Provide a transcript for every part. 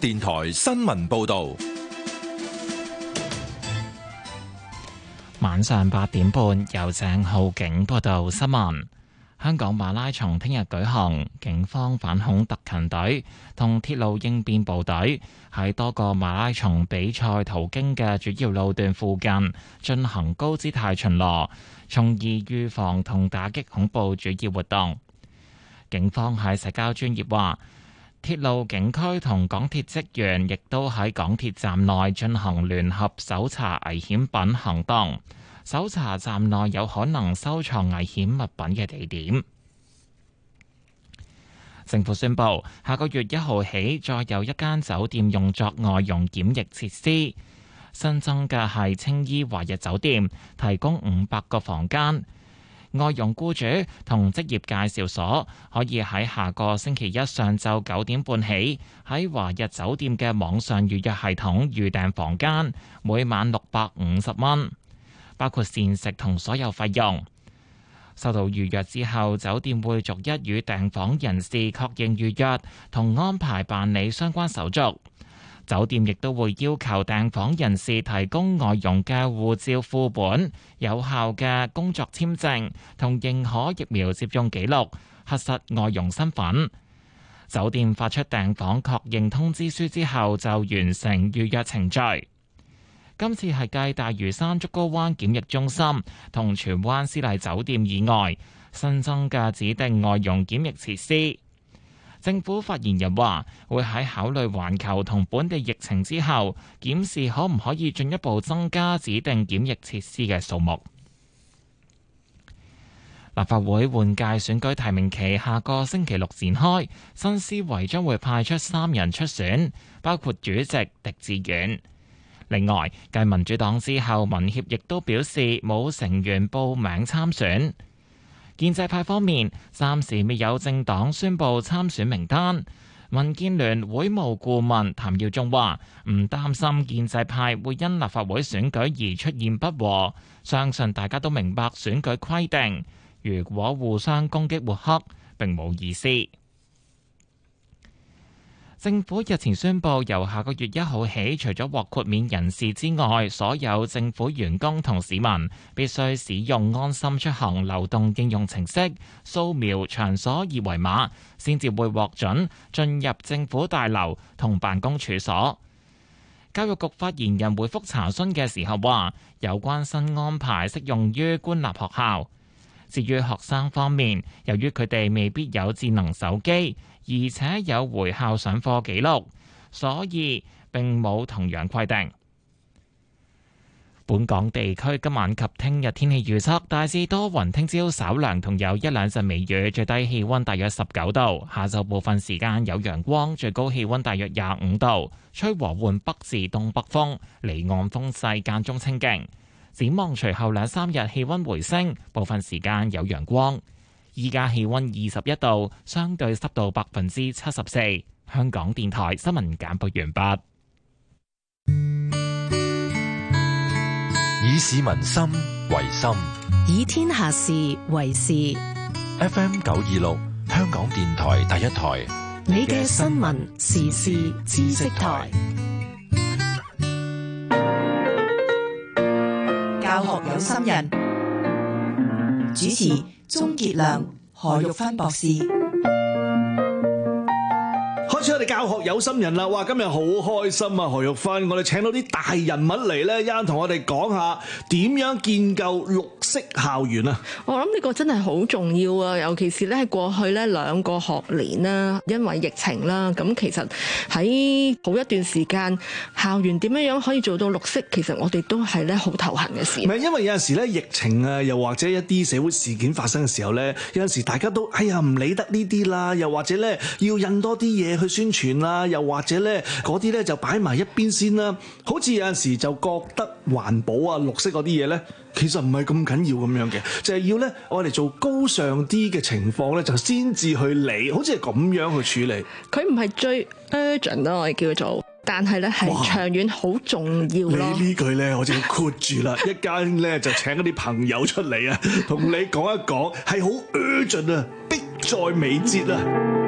電台新聞報道，晚上八點半由鄭浩景報道新聞。香港馬拉松聽日舉行，警方反恐特勤隊同鐵路應變部隊喺多個馬拉松比賽途經嘅主要路段附近進行高姿態巡邏，從而預防同打擊恐怖主義活動。警方喺社交專頁話：鐵路警區同港鐵職員亦都喺港鐵站內進行聯合搜查危險品行動，搜查站內有可能收藏危險物品嘅地點。政府宣佈，下個月一號起再有一間酒店用作外傭檢疫設施，新增嘅係青衣華日酒店，提供五百個房間。外傭僱主同職業介紹所可以喺下個星期一上晝九點半起喺華日酒店嘅網上預約系統預訂房間，每晚六百五十蚊，包括膳食同所有費用。收到預約之後，酒店會逐一與訂房人士確認預約同安排辦理相關手續。酒店亦都會要求訂房人士提供外傭嘅護照副本、有效嘅工作簽證同認可疫苗接種記錄，核實外傭身份。酒店發出訂房確認通知書之後，就完成預約程序。今次係繼大嶼山竹篙灣檢疫中心同荃灣絲麗酒店以外新增嘅指定外傭檢疫設施。政府發言人話，會喺考慮環球同本地疫情之後，檢視可唔可以進一步增加指定檢疫設施嘅數目。立法會換屆選舉提名期下個星期六展開，新思維將會派出三人出選，包括主席狄志遠。另外，繼民主黨之後，民協亦都表示冇成員報名參選。建制派方面暫時未有政黨宣佈參選名單，民建聯會務顧問譚耀宗話唔擔心建制派會因立法會選舉而出現不和，相信大家都明白選舉規定。如果互相攻擊抹黑，並冇意思。政府日前宣布，由下個月一號起，除咗獲豁免人士之外，所有政府員工同市民必須使用安心出行流動應用程式，掃描場所二維碼，先至會獲准進入政府大樓同辦公處所。教育局發言人回覆查詢嘅時候話，有關新安排適用於官立學校。至於學生方面，由於佢哋未必有智能手機，而且有回校上課記錄，所以並冇同樣規定。本港地區今晚及聽日天氣預測大致多雲，聽朝稍涼，同有一兩陣微雨，最低氣溫大約十九度。下晝部分時間有陽光，最高氣溫大約廿五度，吹和緩北至東北風，離岸風勢間中清勁。展望隨後兩三日氣温回升，部分時間有陽光。依家氣温二十一度，相對濕度百分之七十四。香港電台新聞簡報完畢。以市民心為心，以天下事為事。FM 九二六，香港電台第一台，你嘅新聞時事知識台。心人主持人：鍾杰良、何玉芬博士。我哋教學有心人啦，哇！今日好開心啊，何玉芬，我哋請到啲大人物嚟咧，跟我們一陣同我哋講下點樣建構綠色校園啊！我諗呢個真係好重要啊，尤其是咧過去咧兩個學年啦，因為疫情啦，咁其實喺好一段時間，校園點樣樣可以做到綠色，其實我哋都係咧好頭痕嘅事。唔係，因為有陣時咧疫情啊，又或者一啲社會事件發生嘅時候咧，有陣時候大家都哎呀唔理得呢啲啦，又或者咧要多印多啲嘢去宣安全啦，又或者咧，嗰啲咧就擺埋一邊先啦。好似有陣時就覺得環保啊、綠色嗰啲嘢咧，其實唔係咁緊要咁樣嘅，就係要咧我哋做高尚啲嘅情況咧，就先至去理，好似係咁樣去處理。佢唔係最 urgent 咯，我哋叫做，但係咧係長遠好重要咯。你呢句咧，我就括住啦。 一間咧就請一啲朋友出嚟啊，同你講一講，係好 urgent 啊，迫在眉睫啊。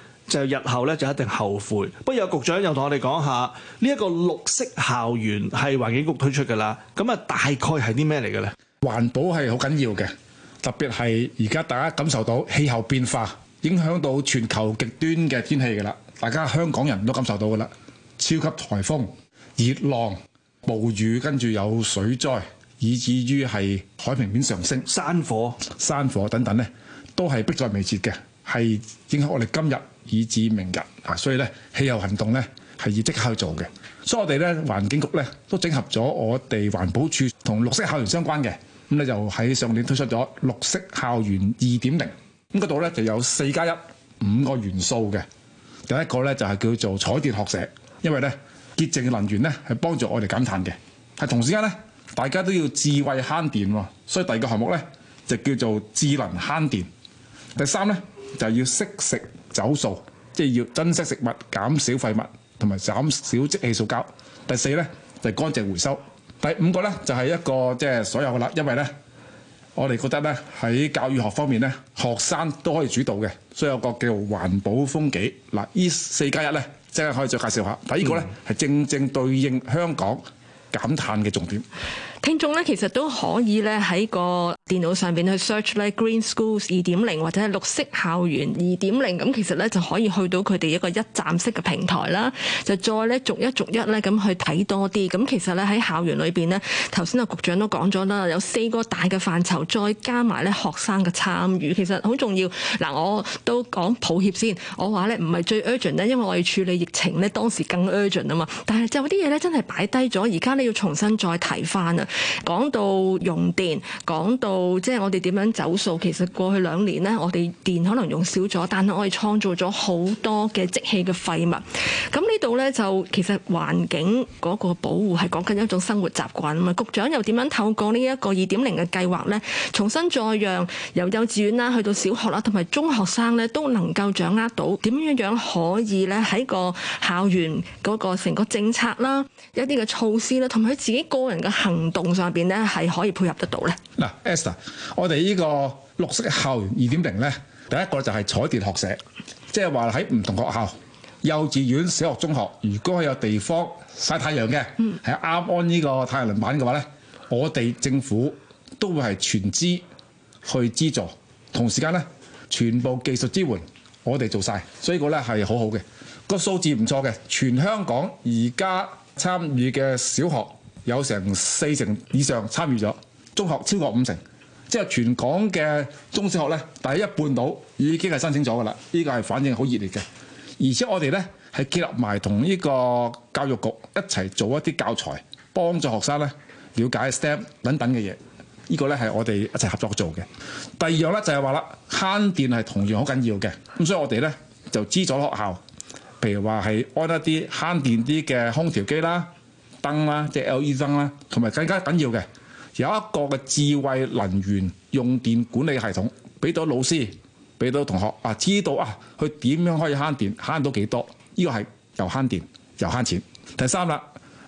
就日後咧，就一定後悔。不過有局長又同我哋講下呢一個綠色校園係環境局推出㗎啦。咁啊，大概係啲咩嚟嘅咧？環保係好緊要嘅，特別係而家大家感受到氣候變化影響到全球極端嘅天氣㗎啦。大家香港人都感受到㗎啦，超級颱風、熱浪、暴雨，跟住有水災，以至於係海平面上升、山火、山火等等咧，都係迫在眉睫嘅，係影響我哋今日，以至明日啊，所以咧，氣候行動咧係要即刻去做嘅。所以我哋咧環境局咧都整合咗我哋環保署同綠色校園相關嘅，咁咧，就喺上年推出咗綠色校園二點零，咁嗰度咧就有四加一五個元素嘅。第一個咧就係叫做採電學社，因為咧潔淨嘅能源咧係幫助我哋減碳嘅。係同時間咧大家都要智慧慳電喎，所以第二個項目咧就叫做智能慳電。第三咧就係要識食，走數，即係要珍惜食物，減少廢物，同埋減少即棄塑膠。第四咧就係乾淨回收。第五個咧就係一個即係所有啦，因為咧我哋覺得咧喺教育學方面咧，學生都可以主導嘅，所以有個叫環保風紀。嗱，呢四加一咧，即係可以再介紹下。第一個咧係正正對應香港減碳嘅重點。聽眾咧，其實都可以咧喺個電腦上邊去 search 咧 Green Schools 二點零或者係綠色校園二點零，咁其實咧就可以去到佢哋一個一站式嘅平台啦，就再咧逐一逐一咧咁去睇多啲。咁其實咧喺校園裏邊咧，頭先啊局長都講咗啦，有四個大嘅範疇，再加埋咧學生嘅參與，其實好重要。嗱，我都講抱歉先，我話咧唔係最 urgent 咧，因為我哋處理疫情咧當時更 urgent 啊嘛。但係就有啲嘢咧真係擺低咗，而家咧要重新再睇翻啊！講到用電，講到即係我哋點樣走數，其實過去兩年呢，我哋電可能用少咗，但係我哋創造咗好多嘅即棄嘅廢物。咁呢度呢，就其實環境嗰個保護係講緊一種生活習慣啊嘛。局長又點樣透過呢一個二點零嘅計劃呢，重新再讓由幼稚園啦，去到小學啦，同埋中學生呢，都能夠掌握到點樣樣可以呢喺個校園嗰個成個政策啦，一啲嘅措施啦，同埋佢自己個人嘅行動，上邊咧係可以配合得到咧？嗱，Esther，我哋呢個綠色校園二點零咧，第一個就係彩電學社，即係話喺唔同學校、幼稚園、小學、中學，如果有地方曬太陽嘅，係啱安呢個太陽能板嘅話咧，我哋政府都會係全資去資助，同時間咧，全部技術支援我哋做晒。所以個咧係好好嘅，個數字唔錯嘅，全香港而家參與嘅小學。有成四成以上參與咗，中學超過五成，即係全港嘅中小學咧，第一半到已經係申請咗噶啦。呢個係反應好熱烈嘅，而且我哋咧係結合埋同呢個教育局一齊做一啲教材，幫助學生咧了解 STEM 等等嘅嘢。呢個咧係我哋一齊合作做嘅。第二樣咧就係話啦，慳電係同樣好緊要嘅。咁所以我哋咧就資助學校，譬如話係安，安一啲慳電啲嘅空調機啦。燈啦、啊，即、就、係、是、LED 燈啦、啊，同埋更加緊要嘅，有一個嘅智慧能源用電管理系統，俾到老師，俾到同學啊，知道啊，佢點樣可以慳電，慳到幾多？呢、這個係又慳電又慳錢。第三啦，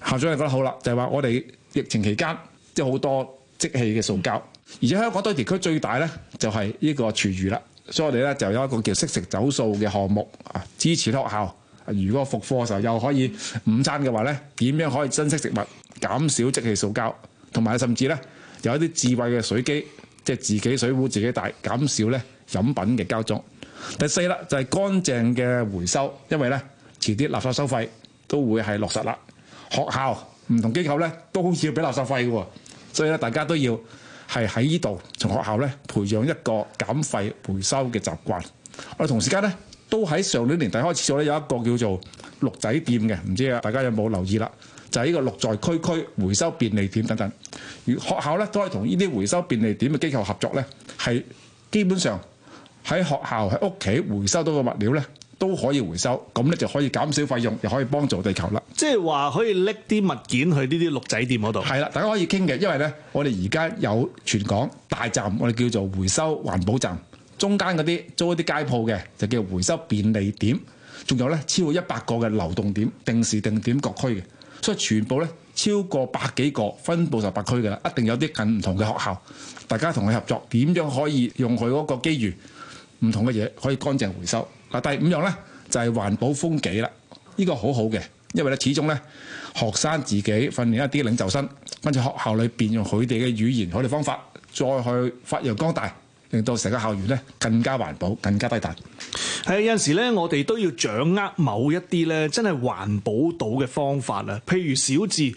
校長你覺得好啦，就係、是、話我哋疫情期間即係好多即棄嘅塑膠，而且香港堆填區最大呢，就係、是、呢個廚餘啦，所以我哋呢，就有一個叫惜食走塑嘅項目啊，支持學校。如果復課嘅時候又可以午餐嘅話呢，點樣可以珍惜食物、減少即棄塑膠，同埋甚至呢有一啲智慧嘅水機，即係自己水壺自己帶，減少呢飲品嘅膠裝。第四啦，就係、是、乾淨嘅回收，因為呢遲啲垃圾收費都會係落實啦。學校唔同機構呢都好似要俾垃圾費嘅喎，所以咧大家都要係喺呢度從學校呢培養一個減費回收嘅習慣。我哋同時間呢，都喺上年年底開始咗有一個叫做綠仔店嘅，唔知啊，大家有冇留意啦？就係呢個綠在區區回收便利點等等。而學校呢，都係同呢啲回收便利點嘅機構合作呢，係基本上喺學校喺屋企回收到嘅物料呢，都可以回收，咁咧就可以減少費用，又可以幫助地球啦。即係話可以拎啲物件去呢啲綠仔店嗰度。係啦，大家可以傾嘅，因為呢，我哋而家有全港大站，我哋叫做回收環保站。中間嗰啲租一啲街鋪嘅就叫回收便利點，仲有呢，超過一百個嘅流動點，定時定點各區嘅，所以全部呢，超過百幾個，分佈十八區嘅啦，一定有啲近唔同嘅學校，大家同佢合作，點樣可以用佢嗰個機遇，唔同嘅嘢可以乾淨回收。嗱，第五樣呢，就係環保風紀啦，呢個好好嘅，因為咧始終呢，學生自己訓練一啲領袖生，跟住學校裏邊用佢哋嘅語言、佢哋方法再去發揚光大。令到成個校園咧，更加環保，更加低碳。係有陣時咧，我哋都要掌握某一啲咧，真係環保到嘅方法。譬如小智，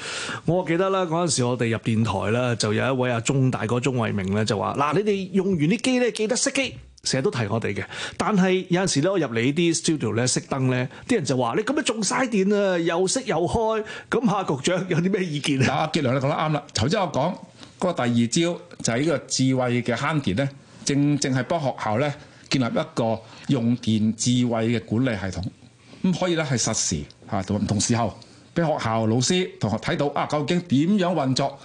我記得啦，嗰陣時我哋入電台啦，就有一位阿鍾大哥鍾慧明咧就話：嗱，你哋用完啲機咧，記得熄機。成日都提我哋嘅。但係有陣時咧，我入嚟啲 studio 咧熄燈咧，啲人就話：你咁樣仲嘥電啊，又熄又開。咁，黃局長有啲咩意見啊？阿傑良，你講得啱啦，頭先我講嗰個第二招就係呢個智慧嘅慳電咧。正正係幫學校咧建立一個用電智慧嘅管理系統，咁可以咧係實時嚇同唔同時候俾學校老師同學睇到啊，究竟點樣運作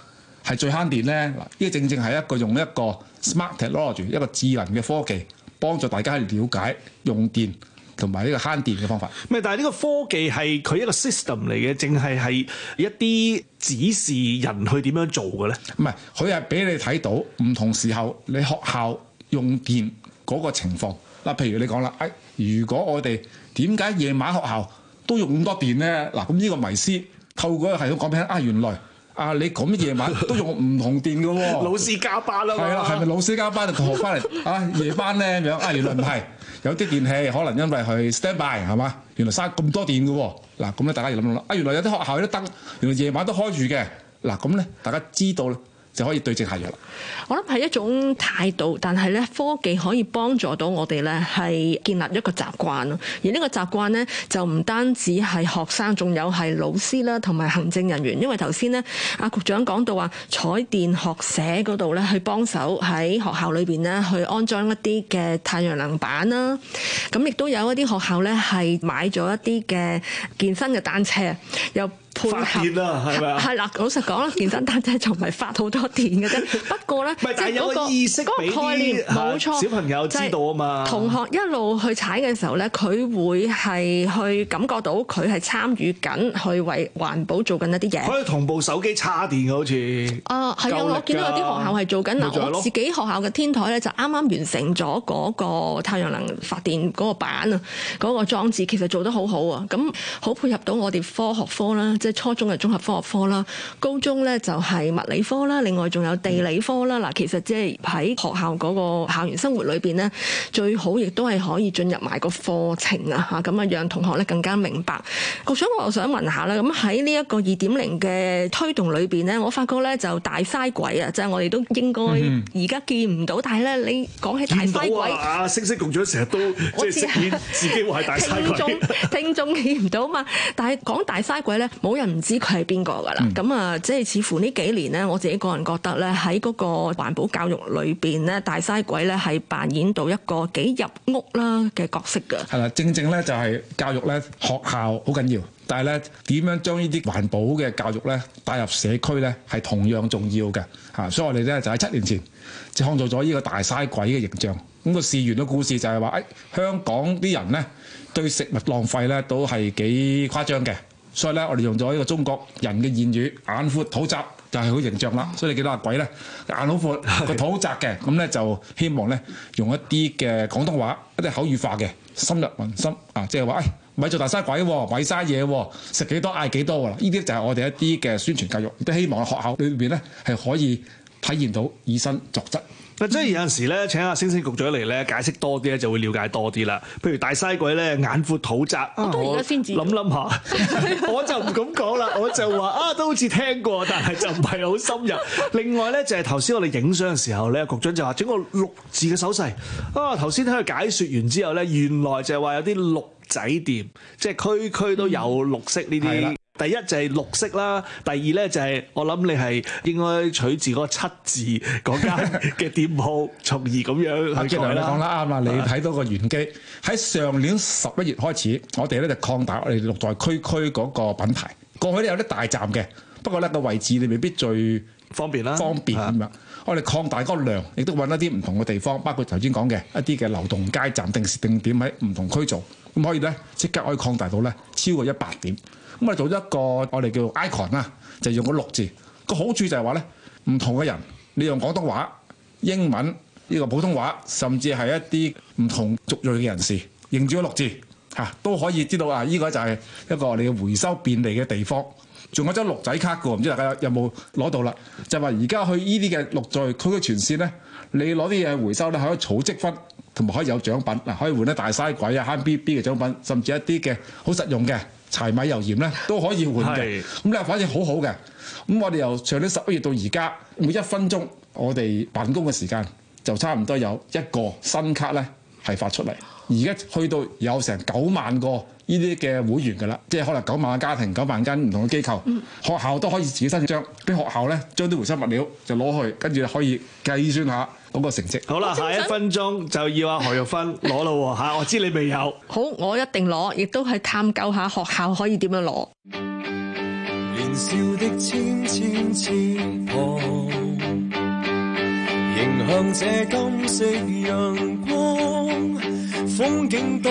係最慳電咧？呢個正正係一個用一個 smart technology 一個智能嘅科技，幫助大家去了解用電同埋呢個慳電嘅方法。唔係，但係呢個科技係佢一個 system 嚟嘅，淨係係一啲指示人去點樣做嘅咧。唔係，佢係俾你睇到唔同時候你學校。用電嗰個情況嗱，譬如你講啦、哎，如果我哋點解夜晚學校都用咁多電咧？嗱，咁呢個迷思透過系統講俾啊，原來啊，你咁夜晚都用唔同電嘅喎、哦， 老師加班啦係啦，咪、啊、老師加班就學 啊？同學翻嚟啊，夜班咧咁樣啊，原來唔係，有啲電器可能因為佢 stand by 係嘛，原來嘥咁多電嘅喎、哦，嗱、啊，咁咧大家要諗諗啦，啊，原來有啲學校有啲燈原來夜晚都開住嘅，嗱、啊，咁咧大家知道啦。就可以對症下藥啦。我諗係一種態度，但係咧科技可以幫助到我哋咧，係建立一個習慣咯。而呢個習慣咧，就唔單止係學生，仲有係老師啦，同埋行政人員。因為頭先咧，阿局長講到話，採電學社嗰度咧，去幫手喺學校裏邊咧，去安裝一啲嘅太陽能板啦。咁亦都有一啲學校咧，係買咗一啲嘅健身嘅單車，又。配合啦，係咪啊？係啦，老實講啦，健身單車就唔係發好多電嘅啫。 不過咧，即係嗰個意識、嗰個概念冇錯，小朋友知道啊嘛。就是、同學一路去踩嘅時候咧，佢會係去感覺到佢係參與緊，去為環保做緊一啲嘢。可以同部手機插電好似。啊，係啊！我見到有啲學校係做緊嗱，我自己學校嘅天台咧就啱啱完成咗嗰個太陽能發電嗰個板啊，嗰、那個裝置其實做得好好啊，咁好配合到我哋科學科啦。即係初中嘅綜合科學科啦，高中咧就係物理科啦，另外仲有地理科啦。嗱，其實即係喺學校嗰個校園生活裏邊咧，最好亦都係可以進入埋個課程啊！嚇，咁啊，讓同學咧更加明白。局長，我又想問下啦，咁喺呢一個二點零嘅推動裏邊咧，我發覺咧就大嘥鬼啊，即係我哋都應該而家見唔到，嗯、但係咧你講起大嘥鬼、啊，星星共長成日都即係、啊、識見自己話係大嘥鬼。聽眾聽眾見唔到嘛？但係講大嘥鬼咧冇。冇人唔知佢係邊個噶啦，咁、嗯、啊，即係似乎呢幾年咧，我自己個人覺得咧，喺嗰個環保教育裏邊咧，大嘥鬼咧係扮演到一個幾入屋啦嘅角色噶。係啦，正正咧就係教育咧，學校好緊要，但係咧點樣將呢啲環保嘅教育咧帶入社區咧，係同樣重要嘅。吓、啊，所以我哋咧就喺七年前即創造咗呢個大嘥鬼嘅形象。咁，那個事緣嘅故事就係話，誒、哎，香港啲人咧對食物浪費咧都係幾誇張嘅。所以咧，我哋用咗一個中國人嘅言語，眼闊肚窄就係、是、好形象啦。所以你見到阿鬼咧，眼好闊，個肚窄嘅，咁咧就希望咧用一啲嘅廣東話，一啲口語化嘅，深入民心,文心啊，即係話誒，咪、哎、做大嘥鬼、哦，嘥嘢，食幾多嗌幾多喎。呢啲就係我哋一啲嘅宣傳教育，都希望學校裏面咧係可以體現到以身作則。嗱、嗯，即係有陣時咧，請阿星星局長嚟咧解釋多啲咧，就會了解多啲啦。譬如大西鬼咧，眼闊肚窄，我諗諗下，我就唔敢講啦。我就話啊，都好似聽過，但係就唔係好深入。另外咧，就係頭先我哋影相嘅時候咧，局長就話整個綠字嘅手勢啊。頭先睇佢解說完之後咧，原來就係話有啲綠仔店，即係區區都有綠色呢啲。嗯第一就係綠色啦，第二咧就係、是、我諗你係應該取自個七字嗰間嘅店鋪， 從而咁樣。阿機梁，你講得啱啦。你睇到個玄機喺上年十一月開始，我哋咧就擴大我哋綠在區區嗰個品牌。過去呢，有啲大站嘅，不過咧、那個位置你未必最方便啦，方便咁、啊、樣。我哋擴大嗰個量，亦都搵一啲唔同嘅地方，包括頭先講嘅一啲嘅流動街站，定時定點喺唔同區做咁，可以咧即刻可以擴大到咧超過一百點。咁啊，做咗一個我哋叫 icon 啊，就用個綠字。個好處就係話咧，唔同嘅人，你用廣東話、英文、呢個普通話，甚至係一啲唔同族裔嘅人士，認住個綠字、啊、都可以知道啊！呢個就係一個你嘅回收便利嘅地方。仲有一張綠仔卡噶，唔知大家有冇攞到啦？就話而家去呢啲嘅綠在區區嘅全線咧，你攞啲嘢回收咧，可以儲積分。同埋可以有獎品嗱，可以換啲大嘥鬼啊、慳 B B 嘅獎品，甚至一啲嘅好實用嘅柴米油鹽咧，都可以換嘅。咁 咧，反正好好嘅。咁我哋由上年十一月到而家，每一分鐘我哋辦公嘅時間就差唔多有一個新卡咧係發出嚟。而家去到有成九萬個。呢啲嘅會員噶啦，即係可能九萬個家庭、九萬間唔同嘅機構、嗯、學校都可以自己申請，將啲學校咧將啲回收物料就攞去，跟住可以計算下嗰個成績。好啦，下一分鐘就要阿何玉芬攞啦，嚇！ 我知你未有，好，我一定攞，亦都係探究下學校可以點樣攞。年少的千千迎向這金色陽光，風景多。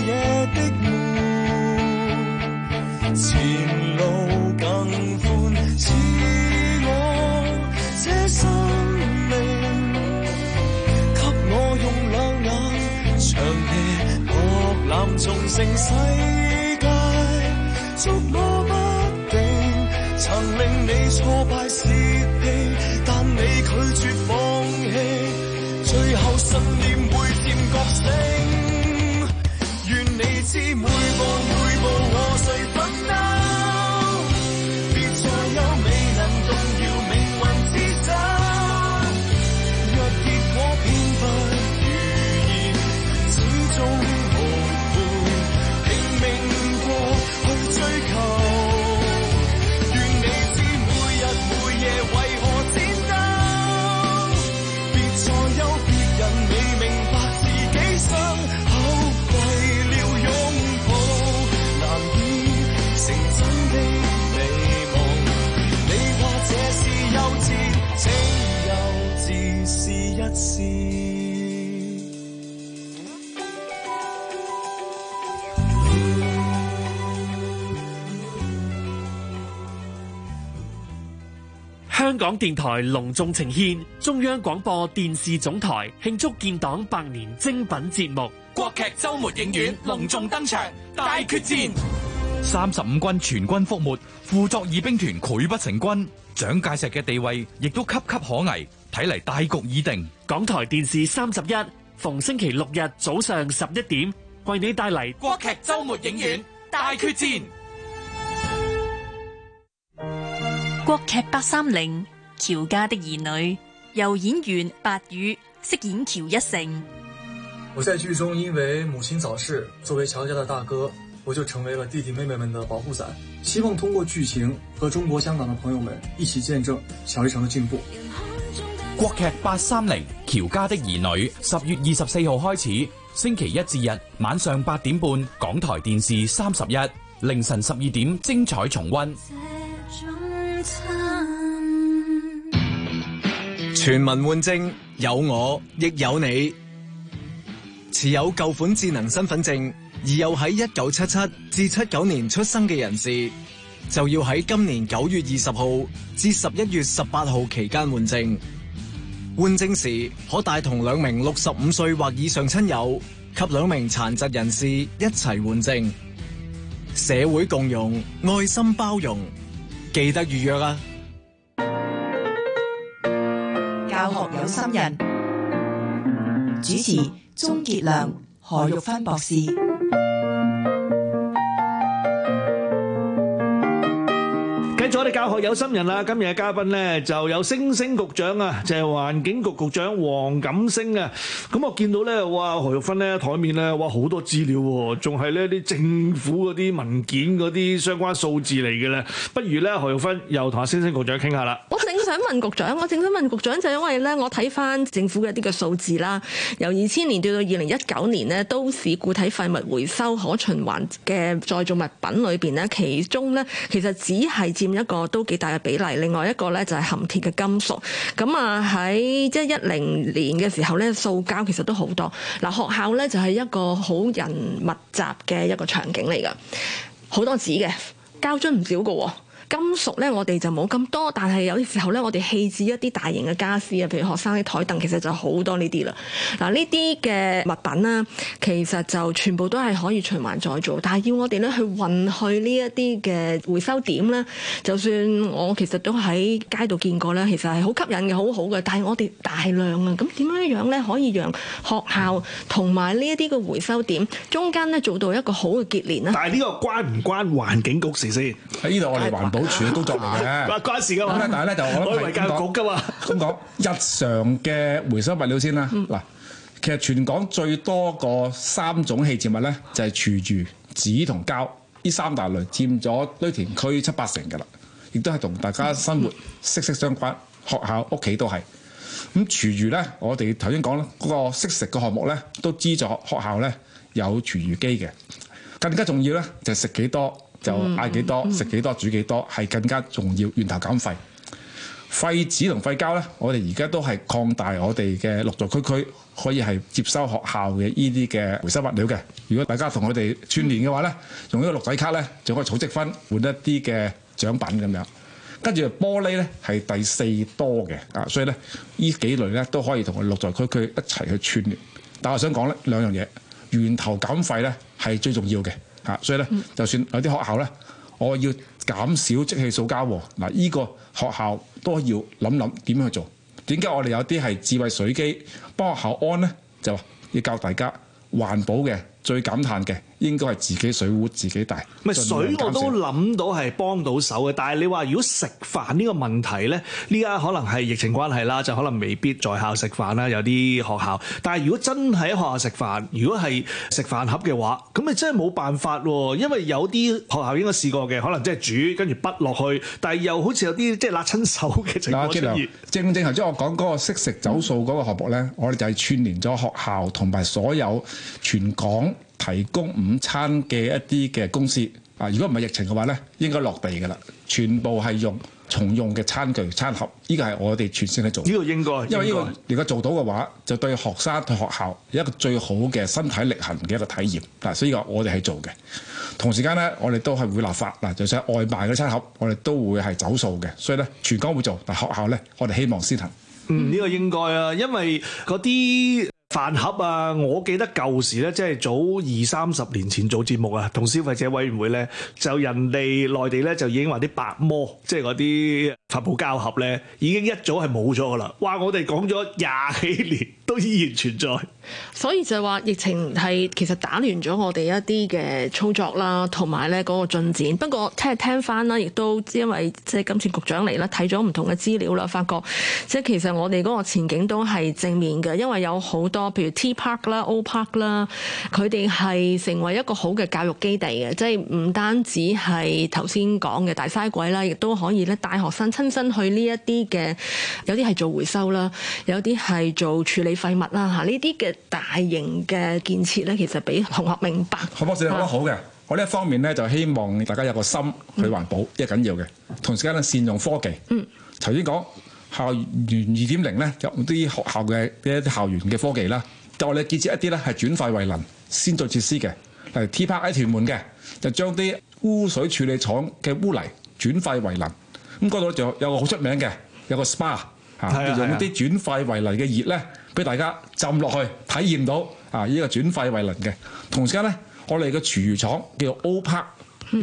世界捉摸不定，曾令你挫敗洩氣，但你拒絕放棄，最後信念會漸覺醒。港電台隆重呈獻中央廣播電視總台慶祝建黨百年精品節目《國劇周末影院》隆重登場，《大決戰》三十五軍全軍覆沒，傅作義兵團潰不成軍，蔣介石嘅地位亦都岌岌可危，睇嚟大局已定。港台電視三十一，逢星期六日早上十一點，為你帶嚟《國劇周末影院》《大決戰》。國劇八三零《喬家的兒女》由演員白宇飾演喬一成。我在劇中因為母親早逝，作為喬家的大哥，我就成為了弟弟妹妹們的保護傘。希望通過劇情和中國香港的朋友們一起見證喬一成的進步。國劇八三零《喬家的兒女》十月二十四號開始，星期一至日晚上八點半，港台電視三十一，凌晨十二點精彩重溫。全民換證，有我亦有你。持有舊款智能身份證而又喺一九七七至七九年出生嘅人士，就要喺今年九月二十號至十一月十八號期間換證。換證時可帶同兩名六十五歲或以上親友及兩名殘疾人士一齊換證。社會共融，愛心包容，記得預約啊！學有心人，主持鍾杰良、何玉芬博士。咗啲教學有心人啦！今日嘅嘉賓咧就有星星局長啊，就係環境局局長黃錦星啊。咁我見到咧，哇，何玉芬咧台面咧，哇好多資料，仲係呢啲政府啲文件啲相關數字嚟嘅咧。不如咧何玉芬又同阿星星局長傾下啦。我正想問局長，我正想問局長就因為咧我睇翻政府嘅一啲嘅數字啦，由二千年調到二零一九年咧，都市固體廢物回收可循環嘅再造物品裏邊咧，其中咧其實只係佔有。一個都幾大嘅比例，另外一個咧就係含鐵嘅金屬。咁啊喺即係一零年嘅時候咧，塑膠其實都好多。嗱，學校咧就係一個好人密集嘅一個場景嚟噶，好多紙嘅膠樽唔少噶。金屬咧，我哋就冇咁多，但係有啲時候咧，我哋棄置一啲大型嘅家私啊，譬如學生啲台凳，其實就好多呢啲啦。嗱，呢啲嘅物品啦，其實就全部都係可以循環再做，但係要我哋咧去運去呢一啲嘅回收點咧，就算我其實都喺街度見過咧，其實係好吸引嘅，好好嘅。但係我哋大量啊，咁點樣樣咧，可以讓學校同埋呢一啲嘅回收點中間咧做到一個好嘅結連咧？但係呢個關唔關環境局事先？喺呢度我哋環保。好處都作嚟嘅，唔 關事嘅。咁咧，但係咧 就我諗係教局嘅嘛，咁 講日常嘅回收物料先啦。嗱、嗯，其實全港最多個三種棄置物咧，就係、是、廚餘、紙同膠，呢三大類佔咗堆填區七八成嘅啦，亦都係同大家生活息息相關，嗯、學校屋企都係。咁廚餘咧，我哋頭先講嗰個識食嘅項目咧，都資助學校咧有廚餘機嘅，更加重要咧就係食幾多，就嗌幾多食幾、嗯、多煮幾多，係、嗯、更加重要。源頭減廢廢紙同廢膠呢，我哋而家都係擴大我哋嘅綠在區區，可以係接收學校嘅呢啲嘅回收物料嘅。如果大家同我哋串聯嘅話呢、嗯、用呢個綠仔卡呢，就可以儲積分換一啲嘅獎品咁樣。跟住玻璃呢，係第四多嘅，啊，所以呢，呢幾類呢，都可以同我哋綠在區區一齊去串聯。但我想講呢兩樣嘢，源頭減廢呢，係最重要嘅。吓，所以咧，就算有啲學校咧，我要減少即棄塑膠喎，嗱、這、呢個學校都要諗諗點樣去做。點解我哋有啲係智慧水機幫學校安咧，就要教大家環保嘅。最感嘆嘅應該係自己水壺自己帶。咪水我都諗到係幫到手嘅，但係你話如果食飯呢個問題呢，呢家可能係疫情關係啦，就可能未必在校食飯啦，有啲學校。但係如果真係喺學校食飯，如果係食飯盒嘅話，咁你真係冇辦法喎，因為有啲學校應該試過嘅，可能即係煮跟住畢落去，但係又好似有啲即係辣親手嘅情況出現。啊、正正頭先我講嗰、嗰個識食走數嗰個學博呢，嗯、我哋就係串連咗學校同埋所有全港。提供午餐嘅一啲嘅公司啊，如果唔係疫情嘅話呢，應該落地噶啦，全部係用重用嘅餐具餐盒，依、這個係我哋全城喺做。呢、這個應該，因為呢、這個應該如果做到嘅話，就對學生對學校有一個最好嘅身體力行嘅一個體驗。嗱，所以個我哋係做嘅。同時間呢，我哋都係會立法嗱，就算外賣嘅餐盒，我哋都會係走塑嘅。所以呢，全港會做，但學校呢，我哋希望先行。嗯，呢、嗯這個應該啊，因為嗰啲。飯盒啊！我記得舊時咧，即係早二三十年前做節目啊，同消費者委員會咧，就人哋內地咧就已經話啲白魔，即係嗰啲發泡膠盒咧，已經一早係冇咗噶啦。哇！我哋講咗廿幾年，都依然存在。所以就係話疫情係其實打亂咗我哋一啲嘅操作啦，同埋咧嗰個進展。不過聽聽翻啦，亦都因為今次局長嚟啦，睇咗唔同嘅資料啦，發覺即係其實我哋嗰個前景都係正面嘅，因為有好多譬如 T park 啦、O park 啦，佢哋係成為一個好嘅教育基地嘅，即係唔單止係頭先講嘅大嘥鬼啦，亦都可以咧帶學生親身去呢一啲嘅，有啲係做回收啦，有啲係做處理廢物啦，吓呢啲嘅。大型嘅建設咧，其實俾同學明白。何博士講得好嘅、啊，我呢一方面咧就希望大家有個心去環保，啲、嗯、緊要嘅。同時間咧善用科技。頭先講校園二點零咧，有啲學校嘅一啲校園嘅科技啦。就我哋建設一啲咧係轉廢為能先進設施嘅。例如 Tpark 喺屯門嘅，就將啲污水處理廠嘅污泥轉廢為能。咁嗰度就有個好出名嘅，有個 SPA 嚇、嗯啊啊啊啊啊，用啲轉廢為能嘅熱咧。俾大家浸落去體驗到啊！呢個轉廢為能嘅，同時間呢，我哋嘅廚餘廠叫做 O·Park，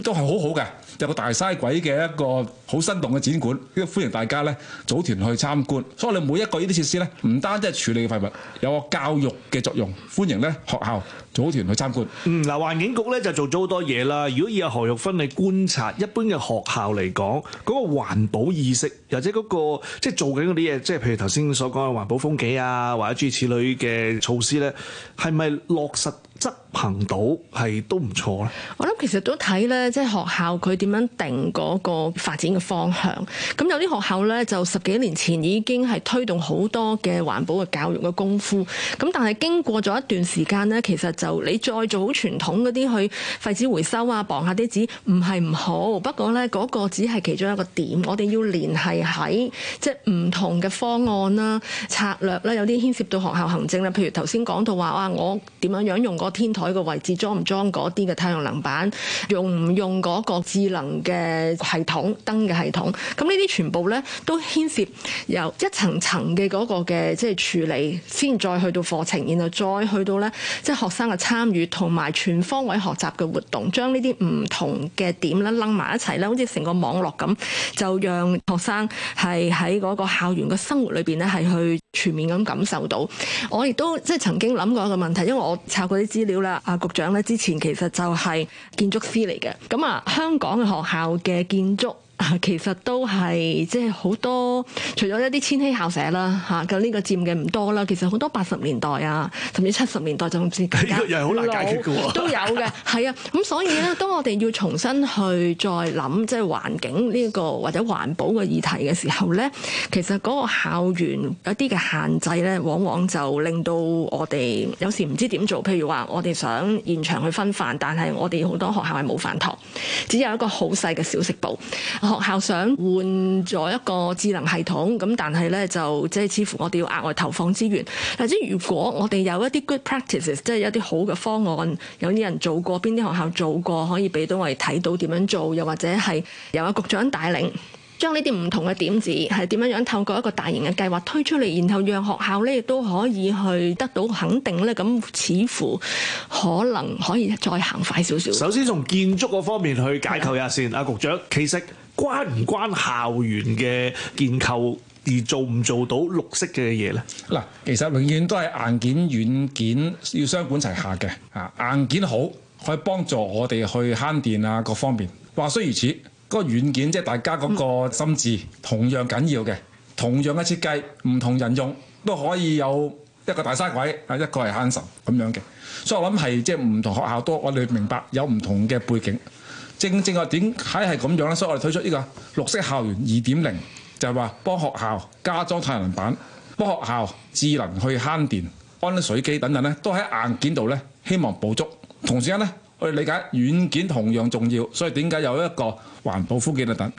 都係好好嘅有個大嘥鬼嘅一個。好生動嘅展館，呢個歡迎大家咧組團去參觀。所以我哋每一個呢啲設施咧，唔單止係處理廢物，有個教育嘅作用。歡迎咧學校組團去參觀。嗯，嗱，環境局咧就做咗好多嘢啦。如果以阿何玉芬你觀察，一般嘅學校嚟講，嗰個環保意識，或者嗰個即係做緊嗰啲嘢，即係譬如頭先所講嘅環保風紀啊，或者諸如此類嘅措施咧，係咪落實執行到係都唔錯咧？我諗其實都睇咧，即係學校佢點樣定嗰個發展方向，咁有啲學校咧，就十幾年前已經係推動好多嘅環保嘅教育嘅功夫。咁但係經過咗一段時間咧，其實就你再做好傳統嗰啲去廢紙回收啊，綁下啲紙唔係唔好。不過咧，嗰個只係其中一個點。我哋要聯繫喺即係唔同嘅方案啦、啊、策略啦、啊，有啲牽涉到學校行政啦、啊。譬如頭先講到話啊，我點樣樣用個天台嘅位置裝唔裝嗰啲嘅太陽能板，用唔用嗰個智能嘅系統燈。嘅系統，咁呢啲全部咧都牽涉由一層層嘅嗰個嘅即係處理，先再去到課程，然後再去到咧即係學生嘅參與同埋全方位學習嘅活動，將呢啲唔同嘅點咧擸埋一齊咧，好似成個網絡咁，就讓學生係喺嗰個校園嘅生活裏面咧，係去全面咁感受到。我亦都即係曾經諗過一個問題，因為我查過啲資料啦，阿局長咧之前其實就係建築師嚟嘅，咁啊香港嘅學校嘅建築。其實都係即係好多，除咗一啲千禧校舍啦嚇，咁、啊、呢、呢個佔嘅唔多啦。其實好多八十年代啊，甚至七十年代，甚至更加古老嘅都有嘅，係 啊。咁所以咧，當我哋要重新去再諗即係環境呢、呢個或者環保嘅議題嘅時候咧，其實嗰個校園有啲嘅限制咧，往往就令到我哋有時唔知點做。譬如話，我哋想現場去分飯，但係我哋好多學校係冇飯堂，只有一個好細嘅小食部。學校想換咗一個智能系統，咁但係呢，就即係似乎我哋要額外投放資源。或者如果我哋有一啲 good practices，即係一啲好嘅方案，有啲人做過，邊啲學校做過，可以俾到我哋睇到點樣做，又或者係由阿局長帶領，將呢啲唔同嘅點子係點樣樣透過一個大型嘅計劃推出嚟，然後讓學校呢亦都可以去得到肯定呢，咁似乎可能可以再行快少少。首先從建築個方面去解構一下先，阿局長，起式。關唔關校園嘅建構而做唔做到綠色嘅嘢呢？嗱，其實永遠都係硬件、軟件要雙管齊下嘅嚇。硬件好可以幫助我哋去慳電啊，各方面。話雖如此，嗰、那個軟件即係、就是、大家嗰個心智同樣緊要嘅，同樣嘅設計，唔同人用都可以有一個大嘥鬼啊，一個係慳神咁樣嘅。所以我諗係即係唔同學校都，我哋明白有唔同嘅背景。正正啊，點解係咁樣咧？所以我哋推出呢個綠色校園二點零，就係話幫學校加裝太陽板，幫學校智能去慳電、安水機等等咧，都喺硬件度咧，希望補足。同時間咧，我哋理解軟件同樣重要。所以點解有一個環保科技等等，呢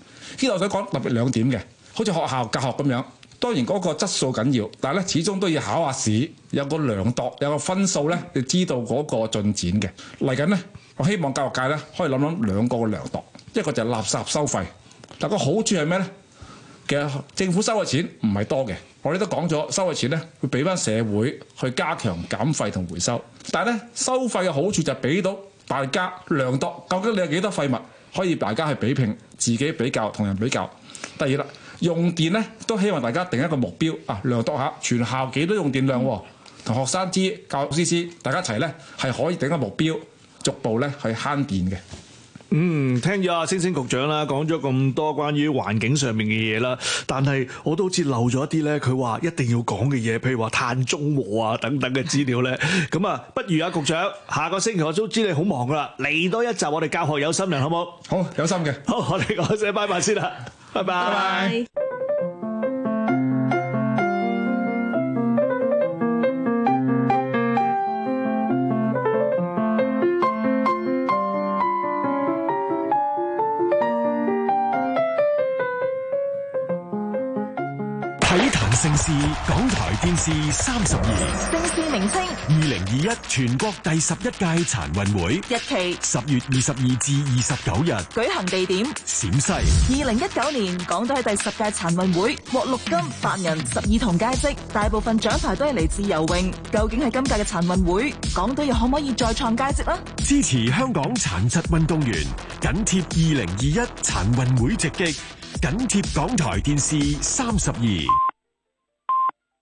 度我想講特別兩點嘅，好似學校教學咁樣，當然嗰個質素緊要，但係咧始終都要考下試，有個量度，有個分數咧，你知道嗰個進展嘅。嚟緊咧。我希望教育界咧可以諗諗兩個嘅量度，一個就係垃圾收費。嗱，個好處係咩呢？其實政府收嘅錢唔係多嘅，我哋都講咗，收嘅錢呢會俾翻社會去加強減費同回收。但係呢，收費嘅好處就係俾到大家量度究竟你有幾多廢物可以大家去比拼、自己比較同人比較。第二啦，用電呢都希望大家定一個目標啊，量度下全校幾多用電量同學生知、教師知，大家一齊呢係可以定一個目標。啊逐步咧去慳電嘅。嗯，聽咗阿星星局長啦，講咗咁多關於環境上面嘅嘢啦，但係我都好似漏咗一啲咧。佢話一定要講嘅嘢，譬如話碳中和啊等等嘅資料咧。咁啊，不如啊局長下個星期，我都知你好忙噶啦，嚟多一集我哋教學有心人，好冇？好，有心嘅。好，我哋講聲拜拜先啦。拜拜。電視三十二，正式名稱二零二一全國第十一屆殘運會，日期十月二十二至二十九日，舉行地點陝西。二零一九年港隊喺第十屆殘運會獲六金八銀十二銅佳績，大部分獎牌都係嚟自游泳。究竟係今屆嘅殘運會，港隊又可唔可以再創佳績呢？支持香港殘疾運動員，緊貼二零二一殘運會直擊，緊貼港台電視三十二。